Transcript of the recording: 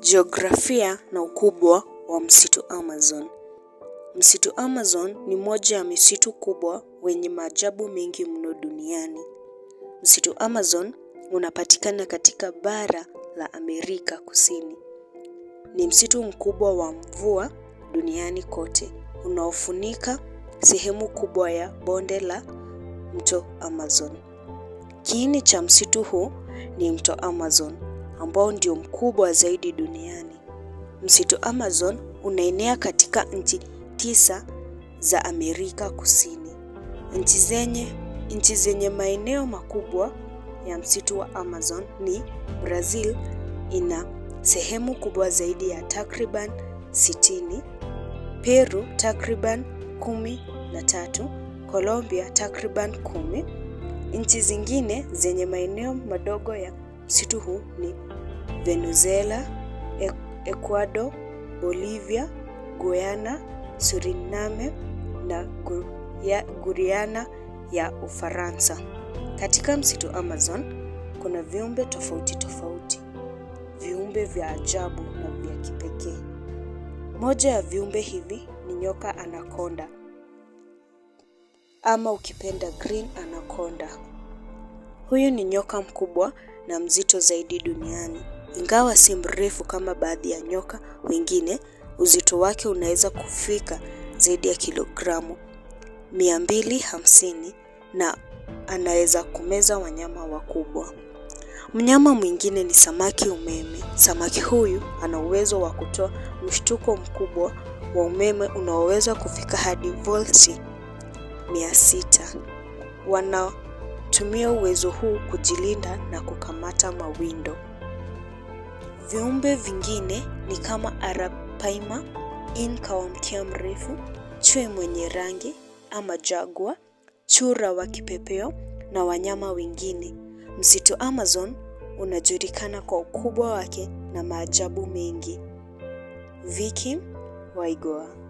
Jiografia na ukubwa wa msitu Amazon. Msitu Amazon ni moja ya misitu kubwa wenye maajabu mengi mno duniani. Msitu Amazon unapatikana katika bara la Amerika Kusini. Ni msitu mkubwa wa mvua duniani kote unaofunika sehemu kubwa ya bonde la mto Amazon. Kiini cha msitu huu ni mto Amazon ambao ndio mkubwa zaidi duniani. Msitu Amazon unaenea katika nchi tisa za Amerika Kusini. Nchi zenye nchi zenye maeneo makubwa ya msitu wa Amazon ni Brazil, ina sehemu kubwa zaidi ya takriban 60, Peru takriban kumi na tatu, Colombia takriban kumi. Nchi zingine zenye maeneo madogo ya Msitu huu ni Venezuela, Ecuador, Bolivia, Guyana, Suriname na Guyana ya Ufaransa. Katika msitu Amazon kuna viumbe tofauti tofauti, viumbe vya ajabu na vya kipekee. Moja ya viumbe hivi ni nyoka anakonda ama ukipenda green anaconda. Huyu ni nyoka mkubwa na mzito zaidi duniani. Ingawa si mrefu kama baadhi ya nyoka wengine, uzito wake unaweza kufika zaidi ya kilogramu 250 mbili hamsini na anaweza kumeza wanyama wakubwa. Mnyama mwingine ni samaki umeme. Samaki huyu ana uwezo wa kutoa mshtuko mkubwa wa umeme unaoweza kufika hadi volti sita. Wana Tumia uwezo huu kujilinda na kukamata mawindo. Viumbe vingine ni kama arapaima, inka wa mkia mrefu, chwe mwenye rangi ama jagwa, chura wa kipepeo na wanyama wengine. Msitu Amazon unajulikana kwa ukubwa wake na maajabu mengi. Viki waigoa